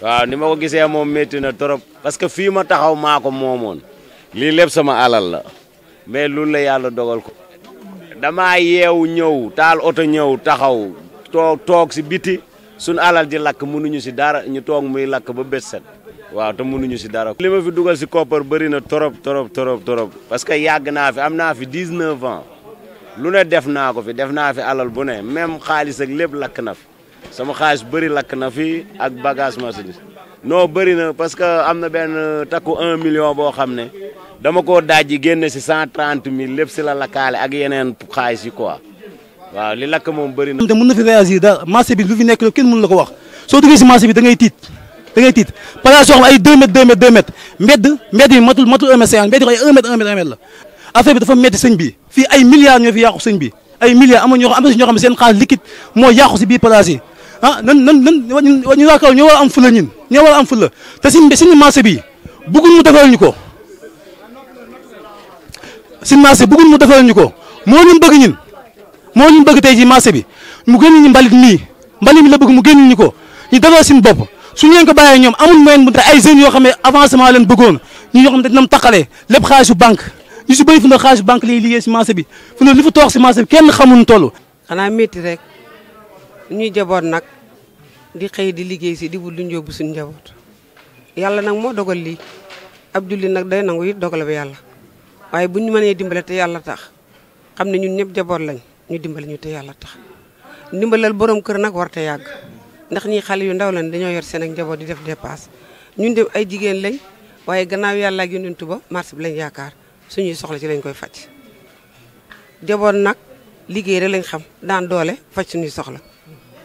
waaw ni ma ko gisee moom métti na trop parce que fii ma taxaw maa ko moomoon lii lépp sama alal la mais loolu la yàlla dogal ko dama yeew ñëw taal oto ñëw taxaw toog toog si biti suñ alal ji lakk mënuñu si dara ñu toog muy lakk ba bés set waaw te mënuñu si dara li ma fi dugal si koppar na trop trop trop parce que yàgg naa fi am naa fi 19 ans lune def naa ko fi def na fi alal bu ne même xaalis ak lépp lak na fi sama xaalis bëri lak na fi ak bagage marchandise no bëri na parce que amna ben benn takku un million bo xamne dama ko dajji genn ci 130000 lépp ci la lakale ak yenen xaalis yi quoi waaw li lak mom bëri na. mën na fi voyage da marché bi lu fi nek lo kenn mën la ko wax so dugé ci marché bi da ngay tit da ngay tit place yoo ay 2 mètres 2 mètres 2 mètres mbedd mbedd bi matul matul 1 mètre 50 mbedd yi 1 mètre 1 mètre 1 mètre la affaire bi dafa métti seigne bi. fii ay milliards ñoo fi yàqu sëñ bi ay milliards amoon ñoo xam am na si ñoo xam ne seen xaalis liquide moo yàqu si biir place yi ah nan nan nan ñu waa kaw ñoo war a am fula ñun ñoo war a am fula te sëñ bi sëñ marché bi bëgguñ mu defal ñu ko sëñ marché bëgguñ mu defal ñu ko moo ñu bëgg ñun moo ñu bëgg tey ji marché bi mu génn ñu mbalit mii mbalit mi la bëgg mu génn ñu ko ñu defal suñu bopp suñu leen ko bàyyee ñoom amul moyen bu te ay jeunes yoo xam ne avancement leen bëggoon ñu yoo xam ne dañu taqale lépp xaalisu banque ñu si bëri fu ne xaalis banque lay liggéey si marché bi fu ne li fa toog si marché bi kenn xamuñu toll. xanaa métti rek ñuy jaboot nag di xëy di liggéey si di wut lu njóobu suñu njaboot yàlla nag moo dogal lii ab julli nag day nangu it dogal ba yàlla waaye bu ñu mënee dimbale te yàlla tax xam ne ñun ñëpp jaboot lañ ñu dimbale ñu te yàlla tax ndimbalal borom kër nag war te yàgg ndax ñii xale yu ndaw lañ dañoo yor seen ak njaboot di def dépasse ñun dem ay jigéen lañ waaye gannaaw yàlla ak yonent ba marché bi lañ yaakaar suñuy soxla si lañ koy faj jaboot nag liggéey rek lañ xam daan doole faj suñuy soxla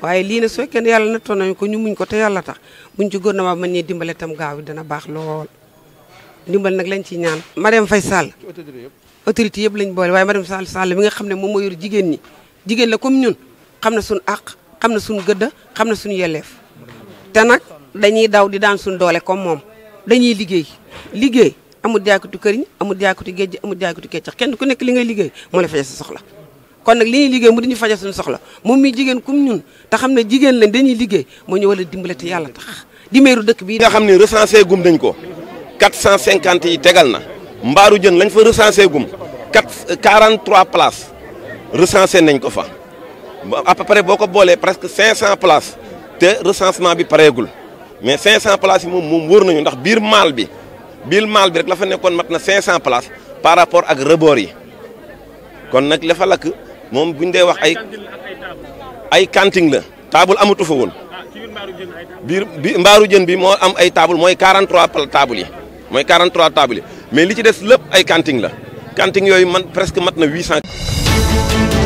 waaye lii ne su fekkee ne yàlla nattoo nañu ko ñu muñ ko te yàlla tax buñ ci gouvernement mën ñee dimbale tam gaaw dana baax lool dimbal nag lañ ciy ñaan. Marième Faye Sall autorité yëpp lañ boole waaye Marième Sall Sall mi nga xam ne moom moo jigéen la comme ñun xam na suñu àq xam na suñu gëdd xam na suñu yelleef te nag dañuy daw di daan suñu doole comme moom dañuy liggéey liggéey. amul jaakatu këriñ amul jaakatu géej amul jaakatu keccax kenn ku nekk li ngay liggéey moo la faje sa soxla kon nag li ñuy liggéey mu diñu faje suñu soxla moom mi jigéen kum ñun te xam ne jigéen lañ dañuy liggéey moo ñu wala dimbale te tax di meeru dëkk bi nga xam recensé gum dañ ko 450 yi tegal na mbaaru jën lañ fa recensé gum 4 43 places recensé nañ ko fa à peu près boko bolé presque 500 places té recensement bi parégul mais 500 places mom mom wër nañu ndax bir mal bi bil mal, bi rek la fa nekkoon mat na 500 places par rapport ak rebord yi kon nag la fa lakk moom buñ ñu dee wax ay ay canting la table amatu fa woon biir bi mbaaru jën bi moo am ay table mooy 43 table yi mooy 43 table yi mais li ci des lépp ay canting la canting yooyu man presque mat na 800.